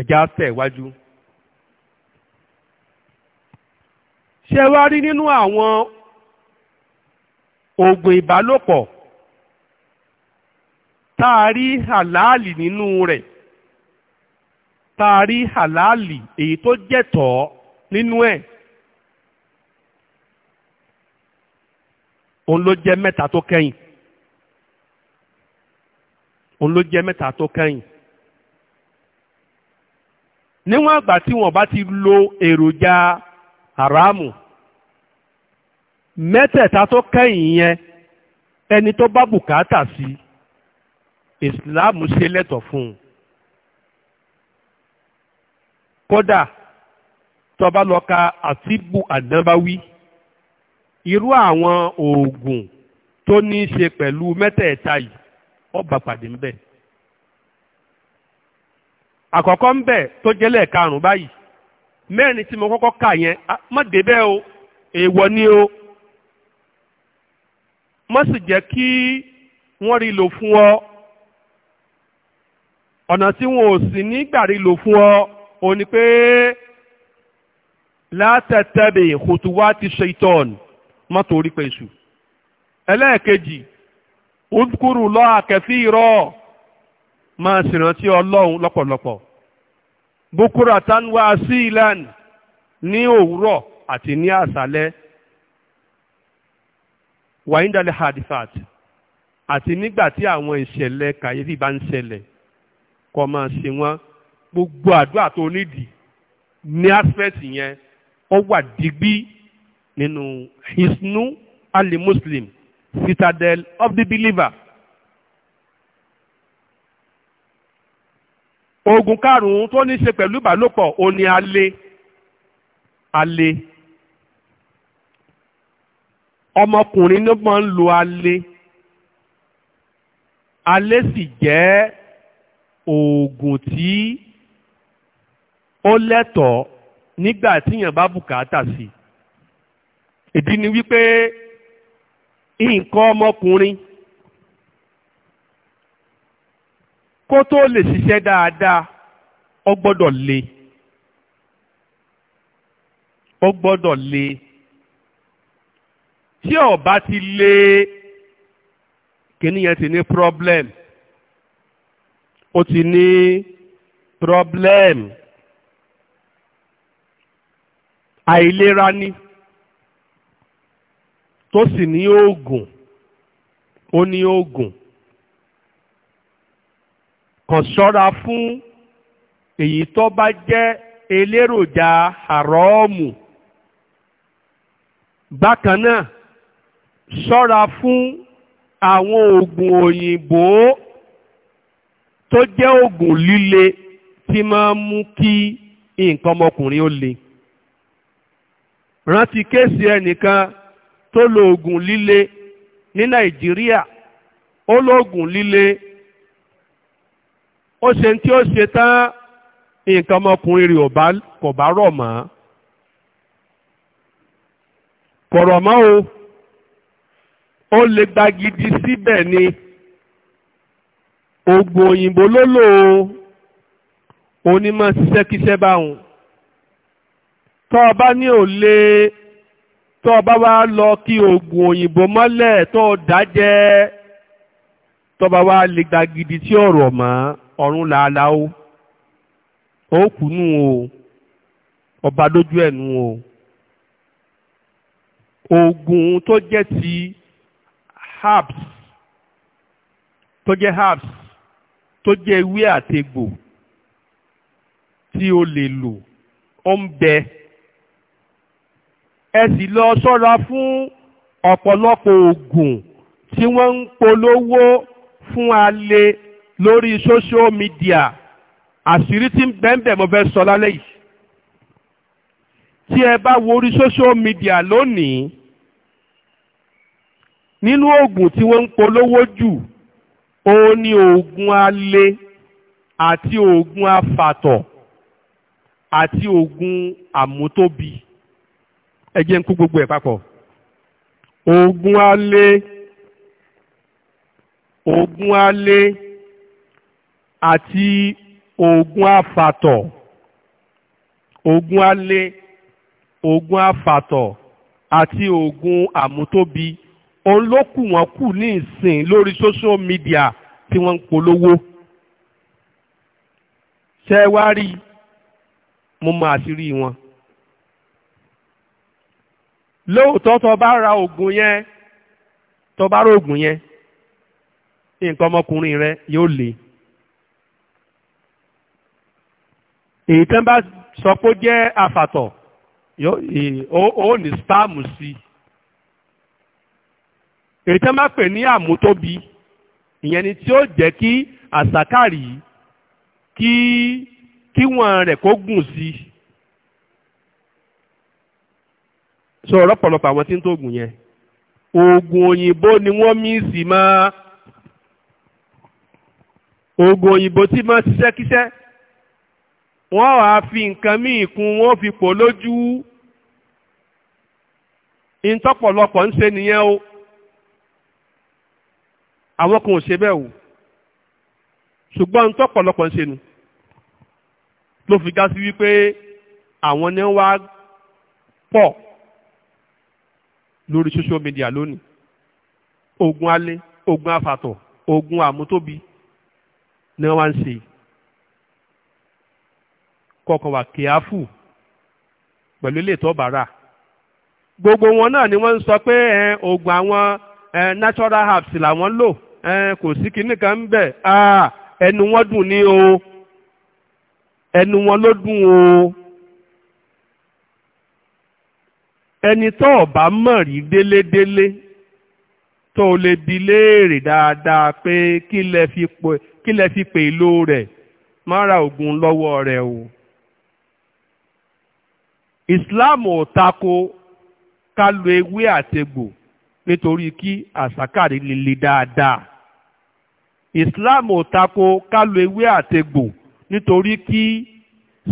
ẹ̀já tẹ̀ wájú. ṣé wá rí nínú àwọn oògùn ìbálòpọ̀ tá a rí àlàálì nínú rẹ̀ tá a rí àlàálì èyí tó jẹ̀tọ́ nínú ẹ̀ òun ló jẹ́ mẹ́ta tó kẹ́yìn òun ló jẹ́ mẹ́ta tó kẹ́yìn níwọ̀n àgbà tí wọ́n bá ti lo èròjà haramu mẹ́tẹ̀ẹ̀ta tó kẹ́yìn yẹn ẹni tó bá bùkátà sí ìsìláàmù ṣe lẹ́tọ̀ fún un kódà tó bá lọ ka àtìbù àdánbáwí irú àwọn oògùn tó ní í ṣe pẹ̀lú mẹ́tẹ̀ẹ̀ta yìí ọba pàdé ń bẹ̀ àkọ́kọ́ ń bẹ̀ tó jẹ́lẹ̀ karùn-ún báyìí mẹ́rin tí mo kọ́kọ́ kà yẹn má débẹ̀ o èèwọ̀ ni o má sì jẹ́ kí wọ́n rí lò fún ọ ọ̀nà tí wọn ò sì nígbà rí lò fún ọ ò ní pé látẹ̀tẹ̀bẹ̀ kòtùwá ti ṣe ìtọ́n má torí pẹ̀sù ẹlẹ́ẹ̀kejì ó kúrò lọ́ àkẹ́fì rọ̀ máa ṣèrántí ọlọ́run lọ́pọ̀lọpọ̀ bukura tanwa asilan ní òwúrọ̀ àti ní àṣálẹ́ wàyíndàlẹ̀ hadifat àti nígbà tí àwọn ìṣẹ̀lẹ̀ kàyéfì bá ń ṣẹlẹ̀ kó máa ṣe wọ́n gbogbo àdúrà tó nídìí ní aspect yẹn ó wà digbí nínú hisnu ali muslim citadel of the believer oògùn karùn-ún tó ní í ṣe pẹ̀lú ìbálòpọ̀ ó ní alé alé ọmọkùnrin ló máa ń lo alé alé sì jẹ́ oògùn tí ó lẹ́tọ̀ọ́ nígbà tíyàn bá bùkátà sí ìdí ni wípé nǹkan ọmọkùnrin. kó tó lè ṣiṣẹ́ dáadáa ó gbọ́dọ̀ le ó gbọ́dọ̀ le tí ó bá ti le kìnìyàn ti ní problem ó ti ní problem àìlera ni tó sì ní oògùn ó ní oògùn kò ṣọ́ra fún èyí tó bá jẹ́ eléròjà àrọ́ọ̀mù bákan náà ṣọ́ra fún àwọn oògùn òyìnbó tó jẹ́ oògùn líle tí máa ń mú kí nǹkan ọmọkùnrin ó le rántí kéèsì ẹnìkan tó lo oògùn líle ní Nàìjíríà ó lo oògùn líle ó ṣe tí ó ṣe tán nǹkan ọmọkùnrin rẹ̀ kò bá rọ̀ mọ́ kò rọ̀ mọ́ o ó lè gbagidi síbẹ̀ ni ògùn òyìnbó ló lò ó onímọ̀ ṣiṣẹ́kíṣẹ́ báwọn tọ́ ọ bá ní ò tọ́ ọ bá wá lọ kí ògùn òyìnbó mọ́lẹ̀ tó dájẹ́ tọ́ bá wá lè gbagidi tí ọ̀rọ̀ mọ́ ọ̀run làálàá o ó kú nù o ọba lójú ẹ̀ o oògùn tó jẹ́ ti herbs tó jẹ́ herbs tó jẹ́ ewé àtegbò tí o lè lò ó ń bẹ ẹ sì lọ ṣọ́ra fún ọ̀pọ̀lọpọ̀ oògùn tí wọ́n ń polówó fún alẹ́ lórí social media àṣírí tí ń bẹ́ẹ̀nbẹ́ mo fẹ́ sọ lálẹ́ yìí tí ẹ bá wo social media lónìí nínú oògùn tí wọ́n ń polówó jù òun ni oògùn alẹ́ àti oògùn afàtọ̀ àti oògùn àmútóbi ẹ jẹ́ ń kó gbogbo ẹ̀ papọ̀ oògùn alẹ́ oògùn alẹ́ àti oògùn àfàtọ̀ oògùn alẹ́ oògùn àfàtọ̀ àti oògùn àmútóbi òun ló kù wọ́n kù ní ìsìn lórí social media tí wọ́n ń polówó ṣe wá rí mo mọ àṣírí wọn lóòótọ́ tó bá ra oògùn yẹn tó bá ra oògùn yẹn nǹkan ọmọkùnrin rẹ yóò le èyí tán bá sọ pé ó jẹ́ àfàtọ̀ ó ní spáàmù sí i èyí tán bá pè ní àmútóbi ìyẹn ni tí ó jẹ́ kí àsákàrí kí kí wọ́n rẹ̀ kó gùn sí i so ọ̀rọ̀pọ̀lọpọ̀ àwọn tí ń tó gùn yẹn oògùn òyìnbó ni wọ́n mí sí máa oògùn òyìnbó tí máa ṣiṣẹ́ kíṣẹ́ wọ́n wá fi nǹkan míì kún wọ́n fi pò lójú ìtọ́pọ̀lọpọ̀ ń ṣe nìyẹn o àwọn kan ò ṣe bẹ́ẹ̀ o ṣùgbọ́n ìtọ́pọ̀lọpọ̀ ń ṣe nu ló fi já sí wípé àwọn ni wá pọ̀ lórí social media lónìí ogun alẹ́ ogun afatọ̀ ogun àmútóbi ni wọ́n wá ń ṣe yìí. kọ̀ọ̀kan wà kíáfù pẹ̀lú ilé ìtọ́ba gbogbo wọn náà ni wọ́n ń sọ pé oògùn àwọn natural herbs làwọn lò kò sí kinní kan ń bẹ̀ ẹnu wọn dùn ní o ẹnu wọn ló dùn o ẹni tó ọ̀bá mọ̀ rí délédélé tó lè bi léèrè dáadáa pé kí lẹ fi pè ló rẹ̀ má ra oògùn lọ́wọ́ rẹ̀ o. Islam ò tako ká lo ewé àtegbò nítorí kí àsákàrí lè le dáadáa. Islam ò tako ká lo ewé àtegbò nítorí kí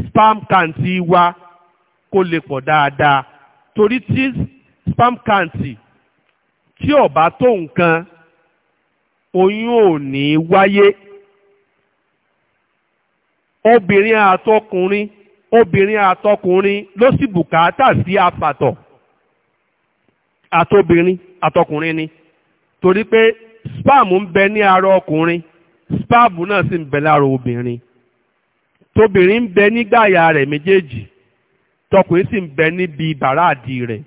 spam kanti wa kó lè pọ̀ dáadáa torí tí spam kanti tí ò bá tó nǹkan oyún ò ní wáyé obìnrin àtọkùnrin obìnrin àtọkùnrin ló sì bùkátà sí apàtọ̀ àtobìnrin àtọkùnrin ni torí pé spam ń bẹ ní ara ọkùnrin spam náà sì ń bẹ lára obìnrin tóbìnrin ń bẹ nígbàyà rẹ̀ méjèèjì tọkùnrin sì ń bẹ níbi bàràdì rẹ̀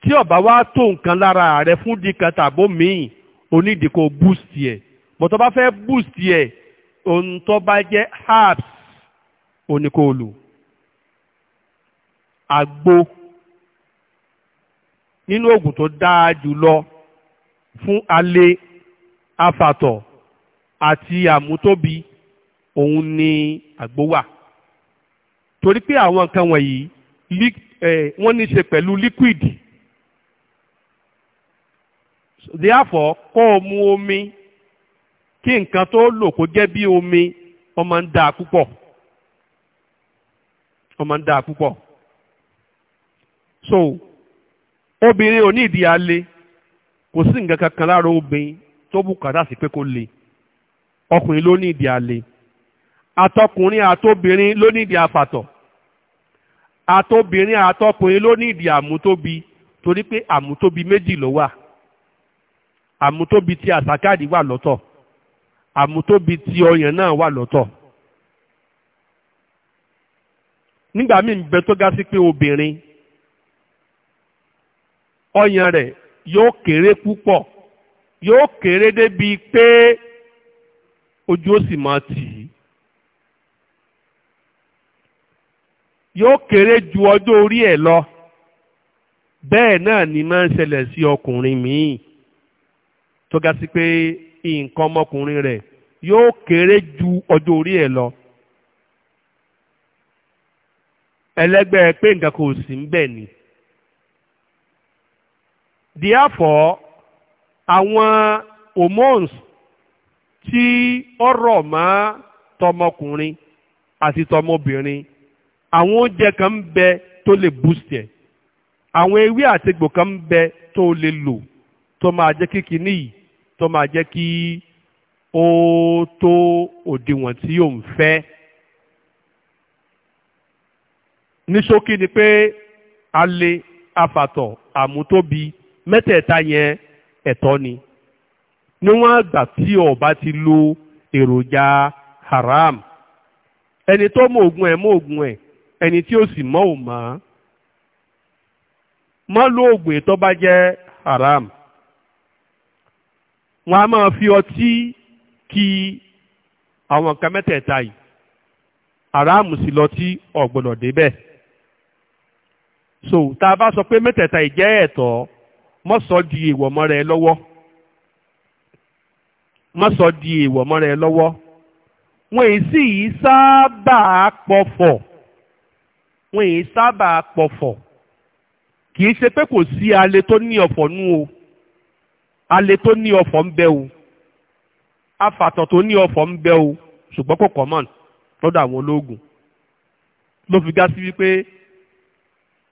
tí ọba wa tó nǹkan lára rẹ̀ fún dìkan tàbó míì onídìí kò boost yẹ bá fẹ́ boost yẹ ohun tó bá jẹ́ herbs oníkóòlù àgbo nínú oògùn tó dáa jùlọ fún alẹ́ afàtọ̀ àti àmútóbi òun ni àgbo wà torí pé àwọn nǹkan wọ̀nyí wọ́n ní ṣe pẹ̀lú liquid therefore kó o mu omi kí nǹkan tó lò kó jẹ́ bí omi ọmọ ń dáa púpọ̀ ọmọ ń dáa púpọ̀ so obìnrin ò ní ìdí alẹ́ kò sí nǹkan kankan lára obìnrin tó bùkátà sí pé kó le ọkùnrin ló ní ìdí alẹ́ àtọkùnrin àtobìnrin ló ní ìdí afàtọ̀ àtobìnrin àtọkùnrin ló ní ìdí àmútóbi torí pé àmútóbi méjì ló wà àmútóbi tí àsákàdì wà lọ́tọ̀ àmútóbi ti ọyàn náà wà lọ́tọ̀ nígbà míì bẹ tó ga sí pé obìnrin ọyàn rẹ̀ yóò kéré púpọ̀ yóò kéré débi pé ojú ó sì máa tì í yóò kéré ju ọjọ́ orí ẹ̀ lọ bẹ́ẹ̀ náà ni máa ń ṣẹlẹ̀ sí ọkùnrin míì tó ga sí pé nǹkan ọmọkùnrin rẹ̀ yóò kéré ju ọjọ́ orí ẹ̀ lọ. ẹlẹ́gbẹ́ pé nǹkan kò sí ń bẹ̀ ni. therefore àwọn hormones tí ó rọ̀ mọ́ tọmọkùnrin àti tọmọbìnrin àwọn oúnjẹ kan ń bẹ tó lè boost ẹ̀ àwọn ewé àtegbò kan ń bẹ tó lè lò tó máa jẹ́ kíkiní yìí tó máa jẹ́ kí ó tó òdiwọ̀n tí òun fẹ́. ní ṣókí ni pé alẹ afàtọ̀ àmútóbi mẹ́tẹ̀ẹ̀ta yẹn ẹ̀tọ́ ni níwọ̀n àgbà tí o ti lo èròjà haram ẹni tó mọ ògùn ẹ̀ mọ ògùn ẹ̀ ẹni tí ó sì mọ ò mọ̀ mọ́ lo ògùn ètò bá jẹ́ haram wọ́n á máa fi ọtí kí àwọn nǹkan mẹ́tẹ̀ẹ̀ta yìí aráàmù sí lọ tí ọ̀gbọ́dọ̀ débẹ̀ so tá a bá sọ pé mẹ́tẹ̀ẹ̀ta yìí jẹ́ ẹ̀tọ́ mọ́ sọ di èèwọ̀ mọ́ra ẹ lọ́wọ́ mọ́ sọ di èèwọ̀ mọ́ra ẹ lọ́wọ́ wọ́n èyí sì yìí sábà pọ̀fọ̀ wọ́n èyí sábà pọ̀fọ̀ kì í ṣe pé kò sí alẹ́ tó ní ọ̀fọ̀ nú o alẹ́ tó ní ọ̀fọ̀ ń bẹ o afàtọ̀ tó ní ọ̀fọ̀ ń bẹ o ṣùgbọ́n kò common lọ́dọ̀ àwọn ológun ló fi gá sí wípé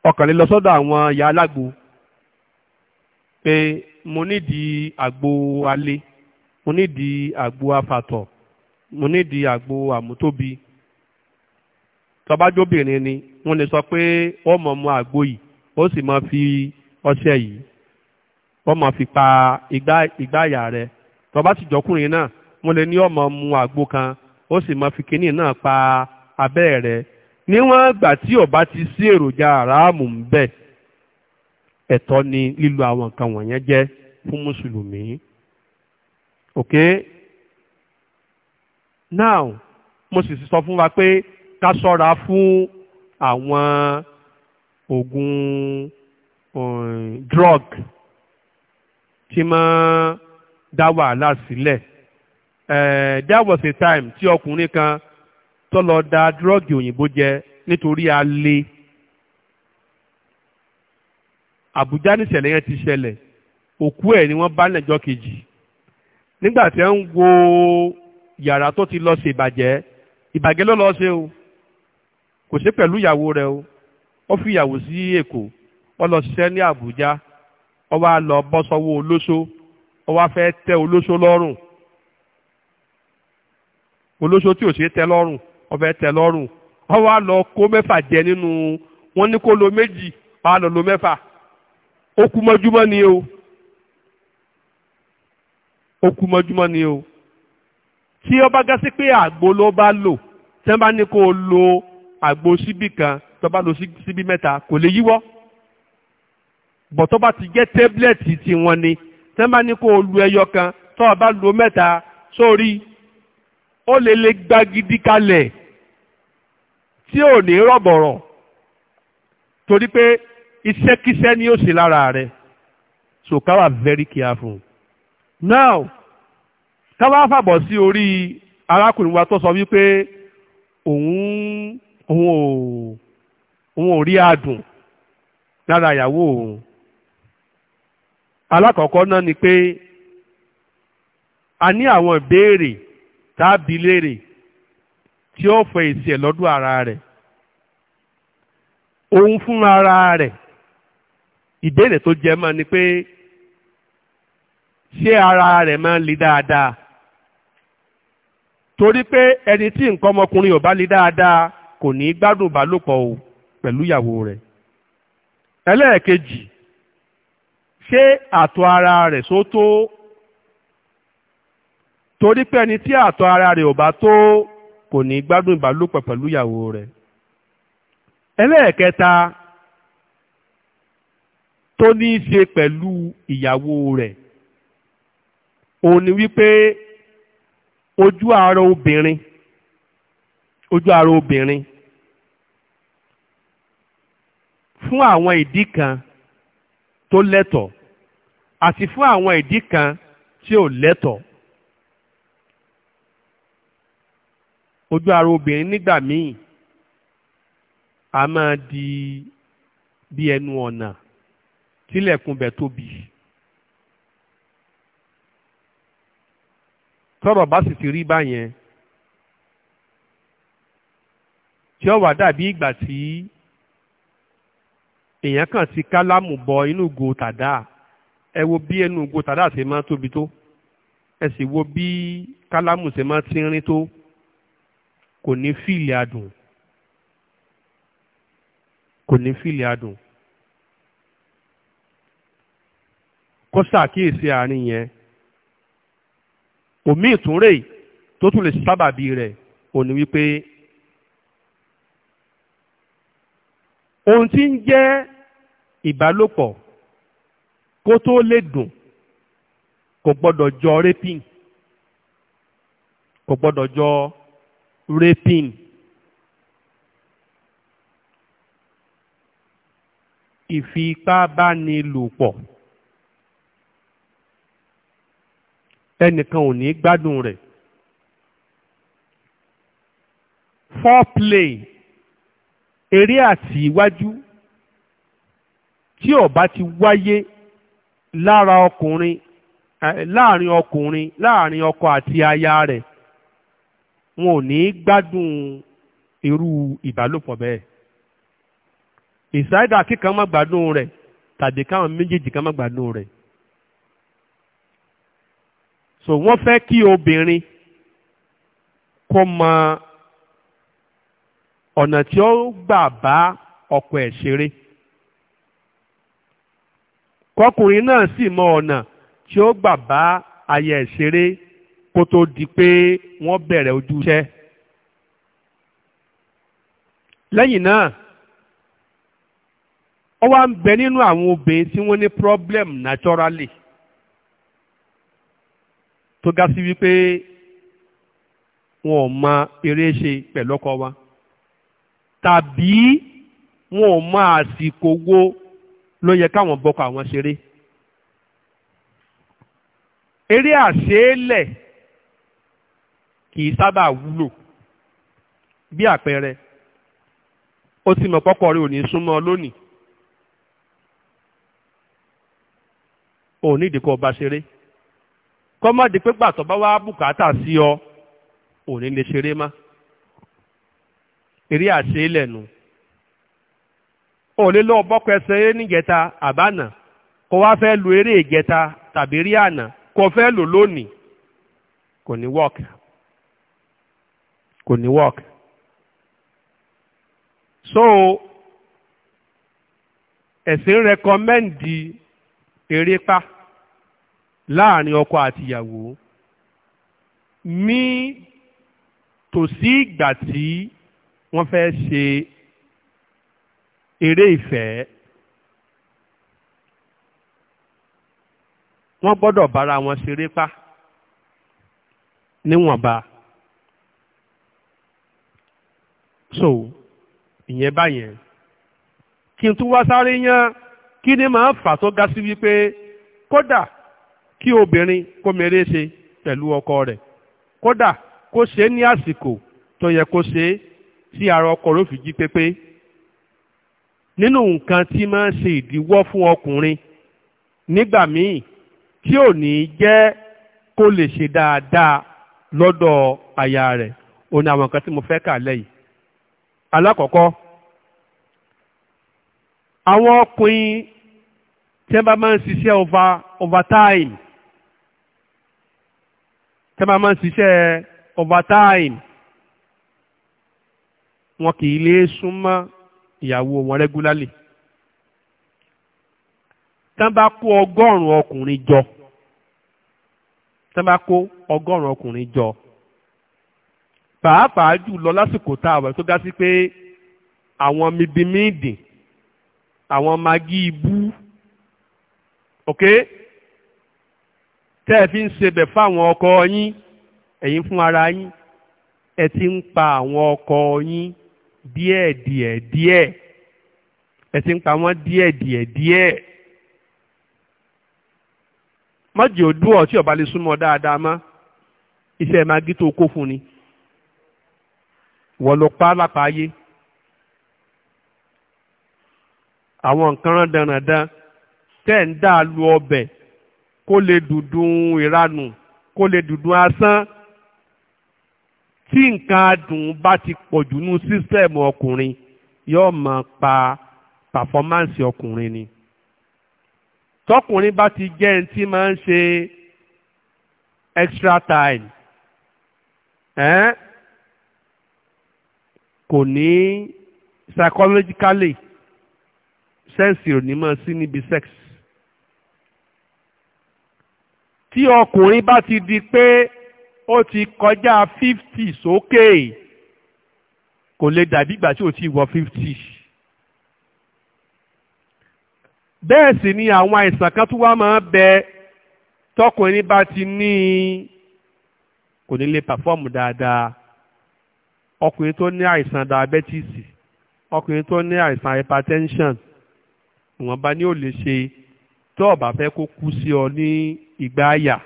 ọkàn lè lọ sọ́dọ̀ àwọn ìyá alágbo pé mo nídìí àgbo alẹ́ mo nídìí àgbo afàtọ̀ mo nídìí àgbo àmútóbi tọ́bájóbìnrin ni wọ́n lè sọ pé ó mọ̀ mu àgbo yìí ó sì máa fi ọṣẹ yìí wọ́n máa fi pa igbá àyà rẹ̀ tó bá sì jọkùnrin náà wọ́n lè ní ọmọ mu àgbo kan ó sì máa fi kinní náà pa abẹ́ rẹ̀ níwọ̀n ìgbà tí ò bá ti sí èròjà àràmù ń bẹ ẹ̀tọ́ ni lílo àwọn nǹkan wọ̀nyẹn jẹ́ fún mùsùlùmí. Okay? Now, mo sì sọ fún wa pé ká ṣọ́ra fún àwọn oògùn um, drug tí máa dá wàhálà sílẹ̀ that was a time tí ọkùnrin kan tó lọ da dírọ́ọ̀gì òyìnbó jẹ nítorí alẹ́ Àbújá níṣẹ̀lẹ̀ yẹn ti ṣẹlẹ̀ òkú ẹ̀ ni wọ́n bá lẹ́jọ́ kejì nígbà tí ń wo yàrá tó ti lọ ṣe ìbàjẹ́ ìbàjẹ́ ló lọ ṣe o kò sí pẹ̀lú ìyàwó rẹ̀ o ó fi ìyàwó sí Èkó ó lọ ṣiṣẹ́ ní Àbújá ó wá lọ bọ́ sọ́wọ́ olóṣó ó wá fẹ́ tẹ olóṣó lọ́rùn olóṣó tí ò ṣe tẹ lọ́rùn ó fẹ́ tẹ lọ́rùn ó wá lọ kó mẹ́fà jẹ nínú wọn ní kó lo méjì ó wá lọ lo mẹ́fà ó kú mọ́júmọ́ ni o ó kú mọ́júmọ́ ni o tí ó gá sí pé àgbo ló bá lò tẹ́ bá ní kó lo àgbo síbì kan tó bá lo síbì mẹ́ta kò lè yíwọ́ bọ̀ tó bá ti jẹ́ tẹ́bílẹ̀tì tiwọn ni tẹ́ bá ní kó o lu ẹyọ kan tó o bá lo mẹ́ta sórí ó lè lè gbagidi kalẹ̀ tí ò ní rọ̀bọ̀rọ̀ torí pé iṣẹ́kíṣẹ́ ni ó sì lára rẹ̀ so ká very careful now ká wá fàbọ̀ sí orí arákùnrin wa tó sọ wípé òun òun ò òun ò rí adùn lára ìyàwó òun alákọ̀ọ́kọ́ náà ni pé a ní àwọn ìbéèrè tàbí léèrè tí ó fẹ́ èsì ẹ̀ lọ́dún ara rẹ̀ òun fún ara rẹ̀ ìbéèrè tó jẹ mọ́ ni pé ṣé ara rẹ̀ máa ń le dáadáa torí pé ẹni tí nǹkan ọmọkùnrin ò bá le dáadáa kò ní gbádùn ìbálòpọ̀ o pẹ̀lú ìyàwó rẹ̀ ẹlẹ́ẹ̀kejì ṣé àtọ̀ ara rẹ̀ só tó torí pé ẹni tí àtọ̀ ara rẹ̀ ò bá tó kò ní gbádùn ìbálòpọ̀ pẹ̀lú ìyàwó rẹ̀ ẹlẹ́ẹ̀kẹta tó ní í ṣe pẹ̀lú ìyàwó rẹ̀ òun ni wípé ojú ara obìnrin ojú ara obìnrin fún àwọn ìdí kan tó lẹ́tọ̀ọ́ àti fún àwọn ìdí kan tí ò lẹ́tọ̀ọ́. ojú ara obìnrin nígbà míì a máa di bí ẹnu ọ̀nà tílẹ̀kùn bẹ̀ tóbi. tọ́rọ̀ bá sì ti rí báyẹn tí ó wà dàbí ìgbà tí èèyàn kàn ti kálámù bọ inú ìgò tàdá ẹ wo bí ẹnu ìgò tàdá ṣe máa tóbi tó ẹ sì wo bí kálámù ṣe máa tínrín tó kò ní fíìlì adùn kò ní fíìlì adùn kó ṣàkíyèsí àárín yẹn òmíì tún rèé tó tún lè sábàbí rẹ̀ òní wípé ohun tí ń jẹ́ ìbálòpọ̀ kó tó lè dùn kò gbọ́dọ̀ jọ rapin kò gbọ́dọ̀ jọ rapin. ìfipábánilòpọ̀ ẹnìkan ò ní gbádùn rẹ̀ foreplay eré àti iwájú tí ó bá ti wáyé lára ọkùnrin láàrin ọkùnrin láàrin ọkọ àti aya rẹ̀ wọn ò ní gbádùn irú ìbálòpọ̀ bẹ́ẹ̀ ìsáyédà kíkan má gbádùn rẹ̀ tàbí káwọn méjèèjì kan má gbádùn rẹ̀ so wọ́n fẹ́ kí obìnrin kó máa ọ̀nà tí ó gbà bá ọkọ ẹ̀ ṣeré kọkùnrin náà sì mọ ọ̀nà tí ó gbà bá aya ẹ̀ ṣeré kó tó di pé wọ́n bẹ̀rẹ̀ ojúṣe. lẹ́yìn náà ó wá ń bẹ nínú àwọn obìnrin tí wọ́n ní problem naturally tó ga sí wípé wọn ò mọ eré ṣe pẹ̀lú ọkọ wa. tàbí wọn ò mọ àsìkò wo ló yẹ káwọn bọkọ àwọn ṣeré eré àṣeélẹ̀ kì í sábà wúlò bí àpẹẹrẹ ó ti mọ̀ pọ́kọ rẹ̀ ò ní súnmọ́ lónìí ò ní ìdíkọ̀ ọba ṣeré kọ́mọ́dé pé gbàtọ́ bá wá bùkátà sí ọ ò ní lè ṣeré má eré àṣeélẹ̀ nu òun lè lọ bọ́kọ ẹsẹ̀ eré níjẹta àbánà kó wá fẹ́ lo eré ìjẹta tàbí eré àná kó fẹ́ lò lónìí kò ní work kò ní work so ẹ̀sìn rẹkọmẹ́ǹdì erépá láàrin ọkọ àtìyàwó ní tòsí ìgbà tí wọ́n fẹ́ ṣe eré ìfẹ́ wọ́n gbọ́dọ̀ bára wọn ṣeré pa níwọ̀nba so ìyẹn báyẹn kí n tún wá sáré yán kí ni máa ń fà tó ga sí wípé kódà kí obìnrin kó mèrè ṣe pẹ̀lú ọkọ rẹ̀ kódà kó ṣe é ní àsìkò tó yẹ kó ṣe é tí ara ọkọ rẹ̀ fi jí pépé nínú nǹkan tí máa ń ṣe ìdíwọ́ fún ọkùnrin nígbà míì tí ò ní jẹ́ kó lè ṣe dáadáa lọ́dọ̀ aya rẹ̀ ó ní àwọn nǹkan tí mo fẹ́ kà lẹ́yìn. alákọ̀ọ́kọ́ àwọn ọkùnrin tí wọ́n bá máa ń ṣiṣẹ́ over overtime tí wọ́n bá máa ń ṣiṣẹ́ overtime wọn kì í lè súnmọ́ ìyàwó wọn rẹ́gúlálì tán bá kó ọgọ́rùn-ún ọkùnrin jọ tán bá kó ọgọ́rùn-ún ọkùnrin jọ pàápàá jù lọ lásìkò tá a wà tó ga sí pé àwọn mibimíìdì àwọn magi ibú ok tẹ́ ẹ fi ń sebẹ̀ fáwọn ọkọ yín ẹ̀yin fún ara yín ẹ ti ń pa àwọn ọkọ yín díẹ̀ díẹ̀ díẹ̀ ẹ̀sìn pa wọ́n díẹ̀ díẹ̀ díẹ̀ mọ́jì òdú ọ̀ tí ọ̀bá lè súnmọ́ dáadáa mọ́ iṣẹ́ magi tó kó fún ni wọ́n ló pa lápáyé àwọn nǹkan rán dandan tẹ́ ń dà lu ọbẹ̀ kó lè dùdùn ìranù kó lè dùdùn asán tí nǹkan adùn bá ti pọ̀jù nú sísẹ̀mù ọkùnrin yóò máa pa pàfọ́mánsì ọkùnrin ni tọkùnrin bá ti jẹ́ ẹni tí máa ń ṣe extra time eh? kò ní psychologically sẹ́ǹsì ò ní máa sí níbi sex tí ọkùnrin bá ti di pé ó ti kọjá fifty sókè kò lè dàbí ìgbà tí ò ti wọ fifty. bẹ́ẹ̀ sì ni àwọn àìsàn kan tó wá máa ń bẹ tọkùnrin bá ti ní i kò ní lè pàfọ́ọ̀mù dáadáa ọkùnrin tó ní àìsàn diabetics ọkùnrin tó ní àìsàn hypertension ìwọ̀nba ni ó lè ṣe tó o fẹ́ kó kú sí ọ ní ìgbà àyà.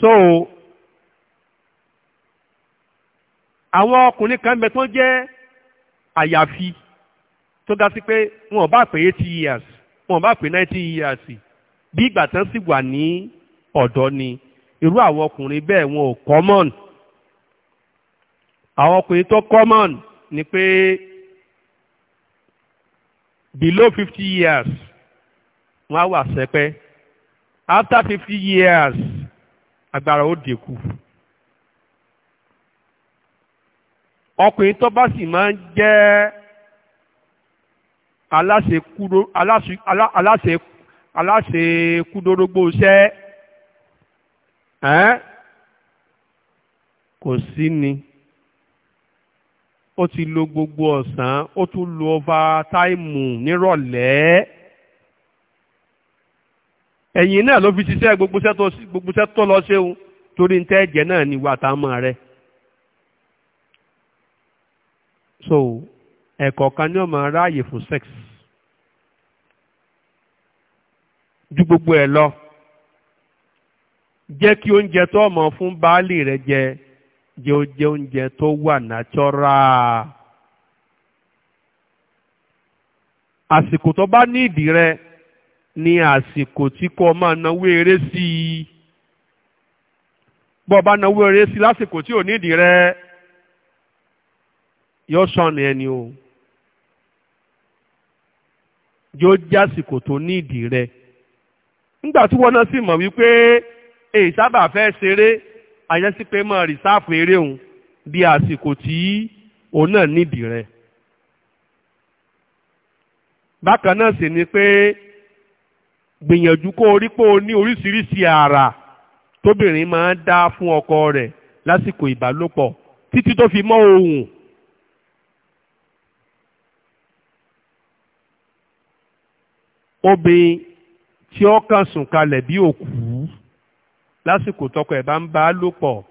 so àwọn ọkùnrin kan bẹ tó jẹ́ àyàfi tó ga sí pé wọn ò bá pé 80 years wọn ò bá pé ninety years bí ìgbà tán sì wà ní ọ̀dọ́ ni irú àwọn ọkùnrin bẹ́ẹ̀ wọn ò common àwọn ọkùnrin tó common ni pé below 50 years wọn á wà sẹpẹ́ after 50 years agbára ó dínkù ọkùnrin tó bá sì máa ń jẹ́ aláṣekúdórógbó iṣẹ́ kò sí ni ó ti lo gbogbo ọ̀sán ó tún lo ọba táìmù nírọ̀lẹ́ ẹ̀yìn náà ló fi ṣiṣẹ́ gbogbo iṣẹ́ tó lọ ṣeun torí ntẹ́ ẹ̀jẹ̀ náà ni wà tá a mọ̀ rẹ. so ẹ̀kọ́ kan ní ọmọ aráàyè fún sex ju gbogbo ẹ̀ lọ jẹ́ kí oúnjẹ tó ọmọ fún baálé rẹ jẹ jẹ oúnjẹ tó wà nàchọ́ra àsìkò tó bá ní ìdí rẹ ni àsìkò tí kò máa náwó eré sí i bọ́ ọ bá náwó eré sí i lásìkò tí ò nídìí rẹ yọ sọnù ẹni o yóò jásìkò tó nídìí rẹ nígbà tí wọ́n náà sì mọ̀ wípé èyí sábà fẹ́ ṣeré àyẹ́sí pé mọ́ rìsáàfù eré òun di àsìkò tí òun náà nídìí rẹ̀. bákan náà sì ni pé gbìyànjú kó o rí pé o ní oríṣiríṣi àrà tóbìnrin máa ń dá fún ọkọ rẹ̀ lásìkò ìbálòpọ̀ títí tó fi mọ́ ohùn. obìnrin tí ó kàn sùn kalẹ̀ bí òkú lásìkò tọkọ ẹ̀ bá ń bá a lò pọ̀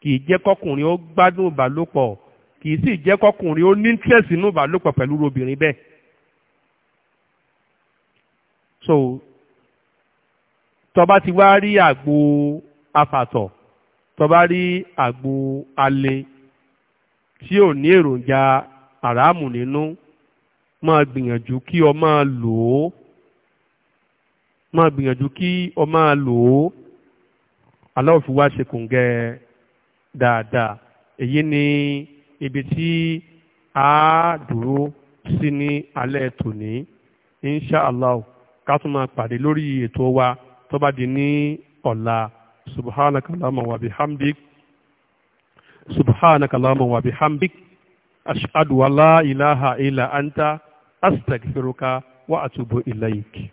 kì í jẹ́ kọkùnrin ó gbádùn ìbálòpọ̀ kì í sì jẹ́ kọkùnrin ó ní interest ìbálòpọ̀ pẹ̀lú obìnrin bẹ́ẹ̀. so tó bá ti wá rí àgbo afàtọ̀ tó bá rí àgbo alẹ́ tí ò ní èròjà àràmù nínú máa gbìyànjú kí o máa lò ó máa gbìyànjú kí o máa lò ó aláwọ̀ fi wá ṣe kòǹgẹ́ dáadáa èyí ni ibi tí a dúró sí ní alẹ́ tòní insha Allah ká tún máa pàdé lórí ètò wa tó bá di ní ọ̀la subhanaka allahumma wa bihamdik subhanaka allahumma wa bihamdik ashhadu an la ilaha illa anta astaghfiruka wa atubu ilayk.